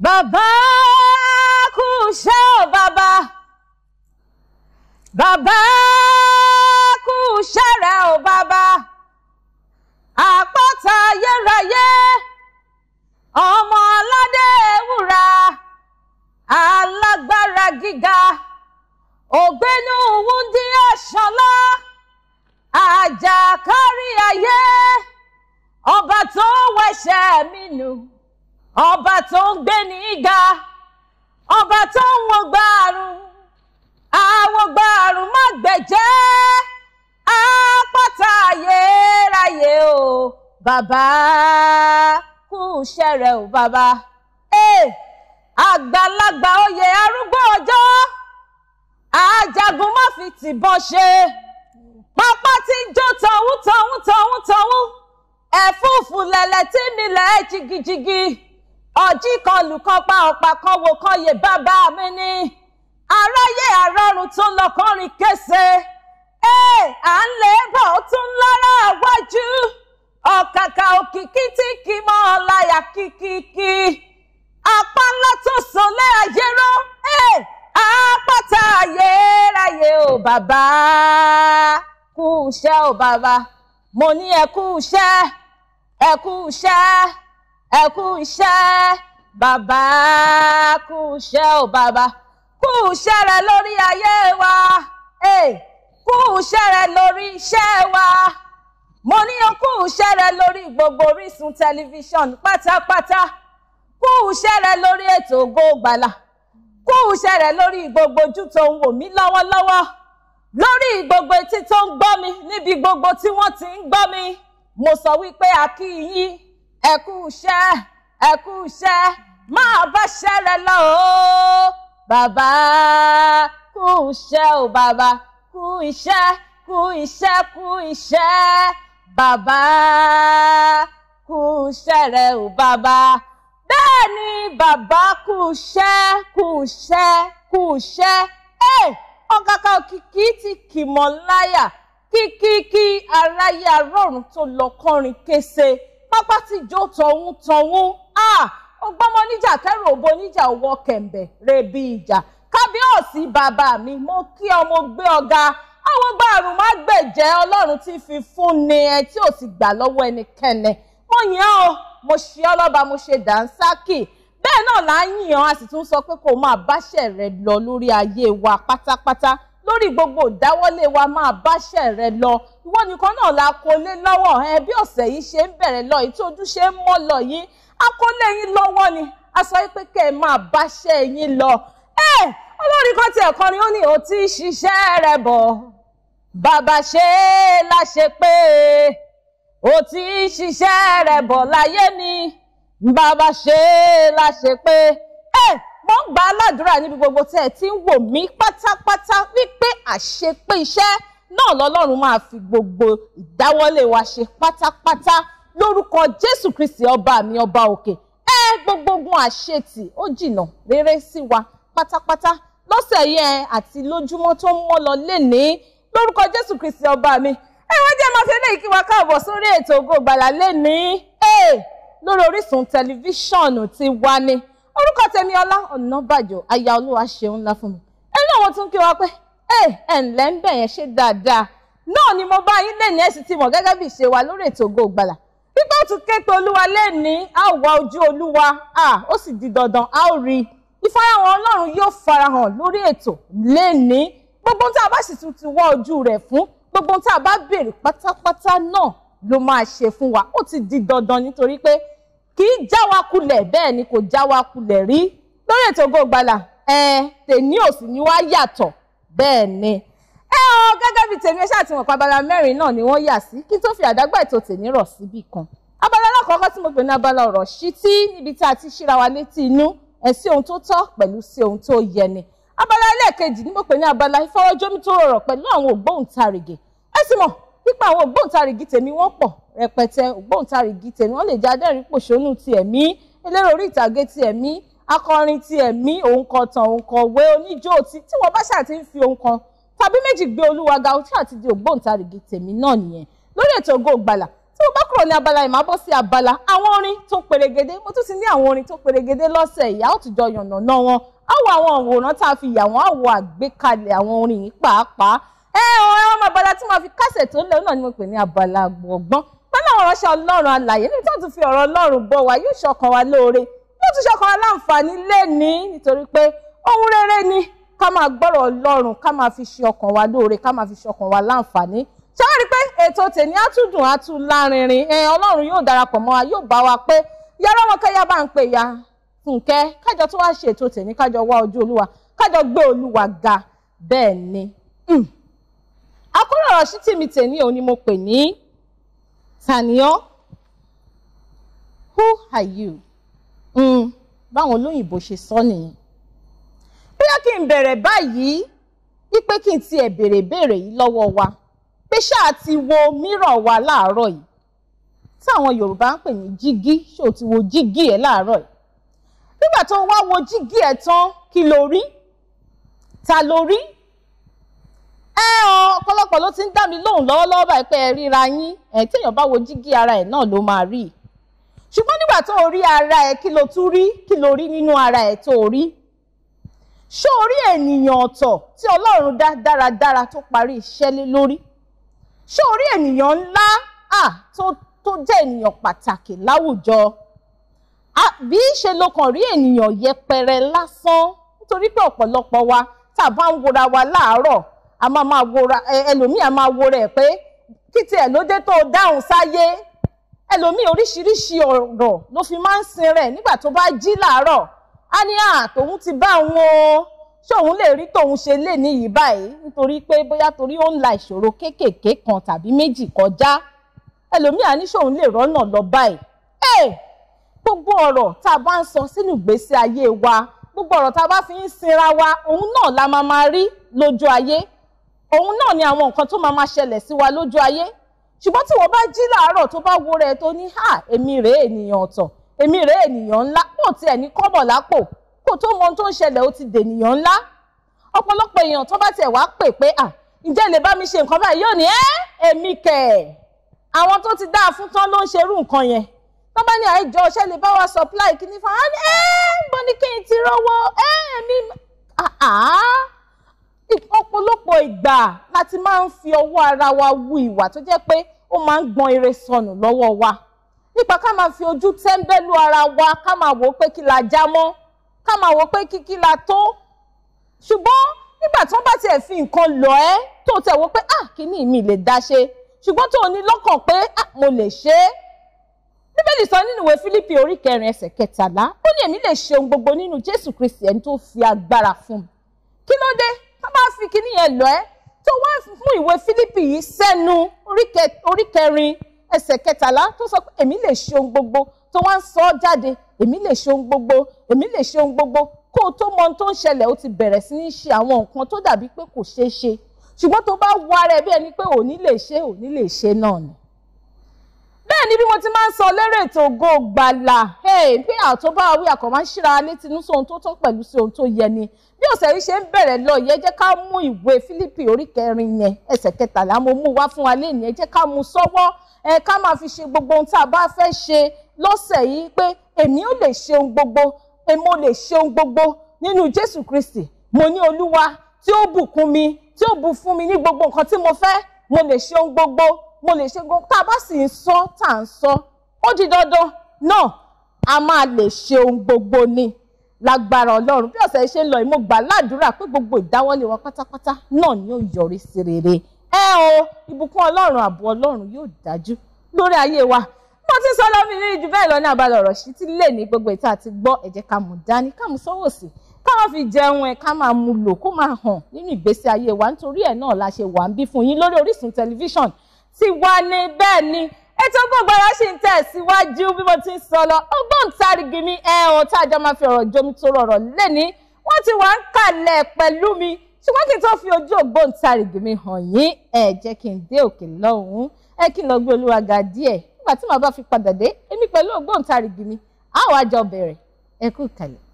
Baba kusha baba, Baba kusha Bàbá baba, ṣẹ́rẹ̀ ò bàbá. Àpáta ayérayé. Ọmọ aládé ewúra. Alágbára gíga. Ògbénú wúndí àṣọlá. Àjàkárí ayé. Ọba ọba tó ń gbé ní ga ọba tó ń wo gbàrún àwọn gbàrún má gbẹ̀jẹ́ àpáta ayérayé o bàbá kú iṣẹ́ rẹ o bàbá àgbàlagbà oyè arúgbó ọjọ́ ajagun má fi tìbọn ṣe pápá tí ń jó tọ̀hún tọ̀hún tọ̀hún tọ̀hún ẹ̀fúùfù lẹ̀lẹ̀ tí mi lẹ̀ jìgìjìgì ọjí kan lùkọ́ pa ọ̀pá kan wo kan yè bàbá mi ni aráyé àrọ̀rùn tó lọ́kọ́rin kése ẹ̀ à ń lè bọ̀ ó tún lọ́rọ̀ àwájú ọ̀kàkà òkìkí tí kì í mọ́ ọ̀láyà kìkìkì apá ńlá tó sọlé ayéró ẹ̀ àpáta ayérayé ò bàbá kú iṣẹ́ ò bàbá mo ní ẹ iṣẹ́ ẹ iṣẹ́ ẹ kú iṣẹ́ bàbá kú iṣẹ́ ò bàbá kú iṣẹ́ rẹ lórí ayé wa kú iṣẹ́ rẹ lórí iṣẹ́ wa mo ní o kú iṣẹ́ rẹ lórí gbogbo Orísun tẹlifíṣàn pátápátá kú iṣẹ́ rẹ lórí ètò Ògo Ìgbàlà kú iṣẹ́ rẹ lórí gbogbo ojú tó ń wò mí lọ́wọ́lọ́wọ́ lórí gbogbo etí tó ń gbọ́ mi níbi gbogbo tí wọ́n ti ń gbọ́ mi mo sọ wípé a kí yín ẹ kú iṣẹ́ ẹ kú iṣẹ́ máa bá ṣẹlẹ̀ lọ o bàbá kú iṣẹ́ o bàbá kú iṣẹ́ kú iṣẹ́ kú iṣẹ́ bàbá kú iṣẹ́ rẹ o bàbá bẹ́ẹ̀ ni bàbá kú iṣẹ́ kú iṣẹ́ kú iṣẹ́ ẹ ọ̀kàkà òkìkí ti kì láyà kíkíkí aráyé arọ́run tó lọ kọrin kése pápá ti jó tọ̀hún tọ̀hún ọgbọ́mọ níjà kẹrù òbó níjà wọ kẹ̀m̀bẹ̀ rebi ìjà kábíyèsí bàbá mi mo kí ọmọ gbé ọ̀gá àwọn gba àrùn má gbẹ̀jẹ́ ọlọ́run ti fi fún ni ẹ tí ò sì gbà lọ́wọ́ ẹnikẹ́ni mo yàn ọ́ mo ṣe ọ́ lọ́ba mo ṣe dànsákì bẹ́ẹ̀ náà là ń yàn á sì tún sọ pé kó máa báṣẹ̀ rẹ̀ lọ lórí ayé wa pátápátá lórí gbogbo ìdáwọ́lé wa máa báṣẹ́ rẹ lọ ìwọ nìkan náà la kó lé lọ́wọ́ ẹ bí ọ̀sẹ̀ yìí ṣe ń bẹ̀rẹ̀ lọ èyí tí ojú ṣe ń mọ́ lọ yìí akólé yín lọ́wọ́ ni a sọ pé kẹ́ ẹ máa báṣẹ́ yín lọ ẹ olórí kan tiẹ̀ kọrin ó ní ó ti ṣiṣẹ́ rẹ bọ̀ bàbá ṣe é láṣẹ pé ó ti ṣiṣẹ́ rẹ bọ̀ láyé ni bàbá ṣe láṣẹ pé mo ń gbà á ládùúrà níbi gbogbo tẹ́ ẹ ti ń wò mí pátápátá wípé àṣepé iṣẹ́ náà lọ́lọ́run máa fi gbogbo ìdáwọ́lé wa ṣe pátápátá lórúkọ Jésù Kristi ọba mi ọba òkè ẹ gbogbo ogun àṣetì ó jìnnà rere sí wa pátápátá lọ́sẹ̀ yẹn àti lójúmọ́ tó ń mọ́ lọ lénìí lórúkọ Jésù Kristi ọba mi ẹ wọ́n jẹ́ máa ṣe léyìí kí wa káàbọ̀ sórí ètò Ògo Ìgbàlà lénìí ẹ lórí Orísun tẹlifíṣọ̀nù ti wa ni orúkọ tèmi ọlá ọ̀nàbàjọ aya olúwa ṣeun ńlá fún mi ẹni àwọn tún kí wa pé ẹ ẹ ǹlẹ́ ń bẹ̀ yẹn ṣe dáadáa náà ni mo bá yín lẹ́ni ẹ̀sìn tí mọ̀ gẹ́gẹ́ bí ìṣe wa lórí ètò Ògo Ìgbàlà pípẹ́ òtún képe olúwa lẹ́ni a ò wá ojú olúwa a ó sì di dandan a ó rí ìfarahàn ọlọ́run yóò farahàn lórí ètò lẹ́ni gbogbo tá a bá sì tún ti wá ojú rẹ̀ fún gbogbo tá a bá béèrè pátápátá náà ló máa ṣe fún wa ó ti di dandan nítorí pé kì í já wa kulẹ̀ bẹ́ẹ̀ ni kò já wa kulẹ̀ rí lórí ètò Ògo Ìgbàlà ẹ tèmi ò sì ní wá yàtọ̀ bẹ́ẹ̀ ni. ẹ ọ gẹ́gẹ́ bíi tèmi ẹ ṣáà ti mọ̀ pé abala mẹ́rin náà ni wọ́n yà sí kí n tó fi àdágbà ètò tèmi rọ̀ síbì kan. abala alákọ̀ọ́kọ́ tí mo pè ní abala ọ̀rọ̀ ṣítí níbi tí a ti ṣíra wa létí inú ẹ̀ sí ohun tó tọ́ pẹ̀lú sí ohun tó yẹ ni. abala ẹlẹ́ẹ̀kejì ni mo pè ní abala ìfọwọ́jọ́mítóró ọ̀rọ̀ pẹ̀lú àwọn ògbóǹtarìgì ẹ sì mọ̀ pípa àwọn ògbóǹtarìgì tèmi wọ́n pọ̀ rẹpẹtẹ ògbóǹtarìgì tèmi wọ́n lè jẹ́ adẹ́rìn pòṣónú ti ẹ̀mí elérò orí ìtàgé ti ẹ̀mí akọrin ti ẹ̀mí òǹkọ̀tàn òǹkọ̀wé oníjó ti tí wọ́n bá ṣáà ti ń fi ohun kan tàbí méjì gbé olúwa ga ó ṣáà di ògbóǹtarìgì tèmi náà nìyẹn lórí ètò Ògo Ìgbàlà tí mo bá kúrò ní abala yìí máa sí abala àwọn orin tó perégedé mo tún ti ní àwọn orin tó perégedé lọ́sẹ̀ yìí a yànnàná wọn á wo àwọn àwòrán tá a fi yà wọ́n á wo àgbékalẹ̀ àwọn orin yìí pàápàá ẹ ọ ẹ wọn máa bala tí wọn fi kásẹ̀ tó lẹ́nu náà ni mo pè ní abala gbọ̀ngbọ́n pẹ́lú àwọn ọ̀rọ̀ṣẹ́ ọlọ́run alàyè níbi tí wọ́n ti fi ọ̀rọ̀ ọlọ́run bọ̀ wá yóò ṣọkàn wa lóore yóò tún ṣọkàn wa láǹfààní lẹ́ni nítorí pé ohun rere ni ká máa gbọ́rọ̀ ọlọ́run ká máa fi ṣe ọkàn wa lóore ká máa fi ṣe ọkàn wa láǹfààní ṣé wọ́n rí i pé ètò tèmi á tún dùn á tún lárinrin ọlọ́run yóò darapọ̀ mọ́ wa yóò bá wa pé yàrá wọn kẹ́yà bá ń pè ya fúnkẹ́ kájọ tó wá ṣe ètò tèmi kájọ wá ojú olúwa kájọ gbé olúwa ga bẹ́ẹ̀ ni. Hmm àkórí ọ̀rọ̀ sí tèmi tèmi òun ni mo pè ní tàníọ́ who are you mm, báwọn olóyìnbó ṣe sọ nìyẹn bóyá kí n bẹ̀rẹ̀ báyìí wípé kí n tiẹ̀ béèrè béèrè yìí lọ́wọ́ wa pé ṣáà ti wo mírọ̀ wa láàárọ̀ yìí táwọn Yorùbá ń pè ní jígí ṣé o ti wo jígí ẹ̀ láàárọ̀ yìí nígbà tó ń wá wo jígí ẹ̀ tán kí lo rí ta lo rí ẹ ọ ọkọ̀ ló ti ń dá mi lóhùn lọ́wọ́lọ́wọ́ báyìí pé ẹ ríra yín ẹ̀ téèyàn bá wo jígí ara ẹ̀ náà ló máa rí ṣùgbọ́n nígbà tó o rí ara ẹ̀ kí lo tún rí kí lo rí nínú ara ẹ̀ tó o rí ṣó o rí ènìyàn ọ̀tọ̀ tí Ọlọ́run dá dáradára tó parí iṣẹ́ lé lórí ṣó o rí ènìyàn ńlá à tó tó jẹ́ ènìyàn pàtàkì láwùjọ àbí ṣe lo kàn rí ènìyàn yẹpẹrẹ lásán nítorí pé ọ̀pọ̀lọpọ̀ wa tá a bá ń wora wa láàárọ̀ a máa máa wora ẹlòmíì a máa wora ẹ̀ pé kí tiẹ̀ ló dé tó dáhùn sáyé ẹlòmíì oríṣiríṣi ọ̀rọ̀ ló fi máa ń sin rẹ̀ nígbà tó bá jí làárọ̀ á ní à tòun ti bá òun o ṣé òun lè rí tòun ṣe lè ní yìí báyìí nítorí pé bóyá torí ó ń la ìṣòro kéékèèké kan tàbí méjì kọjá ẹlòmíì á ní ṣé òun lè rọ́nà lọ báyìí gbogbo ọ̀rọ̀ tá a bá ń sọ sínú ìgbésí ayé wa gbogbo ọ̀rọ̀ tá a bá fi ń sinra wa òun náà la máa máa rí lójú ayé òun náà ni àwọn nǹkan tó máa máa ṣẹlẹ̀ sí wa lójú ayé ṣùgbọ́n tí wọ́n bá jí láàárọ̀ tó bá wo rẹ̀ tó ní ha èmi rèé ènìyàn ọ̀tọ̀ èmi rèé ènìyàn ńlá pò tiẹ̀ ní kọ́bọ̀ lápò kó tó mọ ohun tó ń ṣẹlẹ̀ ó ti dènìyàn ńlá ọ̀pọ̀lọpọ̀ èèyàn tó bá tiẹ̀ wá pè pé à ǹjẹ́ lè bá mi ṣe nǹkan báyìí yóò ní ẹ́ èmi kẹ̀ àwọn tó ti dáa fún tán ló ń ṣerú nǹkan yẹn tó bá ní àìjọ ṣẹ́ lè bá wa supply kí ní fa ẹ́ ń bọ́ ní kí n ti rówó ẹ́ èmi ọ̀pọ̀lọpọ̀ ìgbà láti máa ń fi ọwọ́ ara wa wu ìwà tó jẹ́ pé ó máa ń gbọn ire sọnù lọ́wọ́ wa nípa ká máa fi ojú tẹ́ńbẹ́lú ara wa ká máa wò ó pé kí la já mọ́ ká máa wò ó pé kí kí la tó ṣùgbọ́n nígbà tí wọ́n bá tiẹ̀ fi nǹkan lọ ẹ́ tó tẹ̀ wò pé ah kíní mi lè dá ṣe ṣùgbọ́n tó ní lọ́kàn pé ah mo lè ṣe é bíbélì sọ nínú ìwé Fílípì orí kẹrin ẹsẹ̀ kẹtàlá ó ní èmi lè ṣe ohun gbogbo nínú Jésù Kristi ẹni tó fi agbára fún mi kí ló dé a máa fi kíní yẹn lọ ẹ́ tó wá fún ìwé Fílípì yìí sẹ́nu orí kẹrin ẹsẹ̀ kẹtàlá tó sọ pé èmi lè ṣe ohun gbogbo tó wá ń sọ ọ́ jáde èmi lè ṣe ohun gbogbo èmi lè ṣe ohun gbogbo kó o tó mọ ohun tó ń ṣẹlẹ̀ o ti bẹ̀rẹ̀ sí ní ṣe àwọn nǹkan tó dàbí pé kò ṣeé ṣe ṣùgbọ́n tó bá wá rẹ bí ẹni pé òní lè ṣe òní lè ṣe náà ni bẹ́ẹ̀ ni bí mo ti máa ń sọ lérè ètò Ògo Ìgbàlà bí àtọ́bá wí àkọ́má ṣíra létí inú sóhun tó tán pẹ̀lú sí ohun tó yẹ ni bí ọ̀sẹ̀ yìí ṣe ń bẹ̀rẹ̀ lọ yẹ jẹ́ ká mú ìwé Fílípì orí kẹrin yẹn ẹsẹ̀ kẹtàlá mo mú wá fún wa léèní ẹ jẹ́ ká mú sọ́wọ́ ẹ ká máa fi ṣe gbogbo ohun tá a bá fẹ́ ṣe lọ́sẹ̀ yìí pé èmi ò lè ṣe ohun gbogbo èmi lè ṣe ohun gbogbo nínú Jésù Kristi mo ní Olúwa tí ó bùkún mi tí ó bù fún mi ní gbogbo nǹkan tí mo fẹ́ mo lè ṣe ohun gbogbo mo lè ṣe gan tá a bá sì ń sọ tá à ń sọ ó di dandan náà a máa lè ṣe ohun gbogbo ni lágbára ọlọ́run bí ọ̀sẹ̀ ṣe ń lọ yìí mo gbà ládùúrà pé gbogbo ìdáwọ́lé wa pátápátá náà ni yóò yọrí sí rere ẹ o ìbùkún ọlọ́run ààbò ọlọ́run yóò dájú lórí ayé wa mo ti sọ lọ́mí rí jù bẹ́ẹ̀ lọ ní abalẹ̀ ọ̀rọ̀ sí ti lè ní gbogbo ìta àti gbọ́ ẹ jẹ́ ká mú dání ká mú sọ́wọ́ sí ká má fi jẹun ẹ̀ ká máa mú lò kó máa hàn nínú ìgbésí ayé wa nítorí ẹ̀ náà la ṣe wà ń bí fún yín lórí Orísun tẹlifíṣàn tiwa ni bẹ́ẹ̀ ni ètò gbogbo ara ṣì ń tẹ̀síwájú bí mo ti ń sọ lọ ògbóǹtarìgì mi ẹ̀hàn tá a jọ máa fi ọ̀rọ̀ jomi tó rọrọ̀ lẹ́ni wọ́n ti wá ń kalẹ̀ pẹ̀lú mi ṣùgbọ́n kí n tó fi ojú ògbóǹtarìgì mi hàn yín ẹ jẹ́ kí n dé òkè lọ́hùn-ún ẹ kí n lọ gbé olúwa ga díẹ̀ nígbà tí màá bá fi padà dé èmi pẹ̀lú ògbóǹtarìgì mi a wá bẹ̀rẹ̀ ẹ ìkàlẹ̀.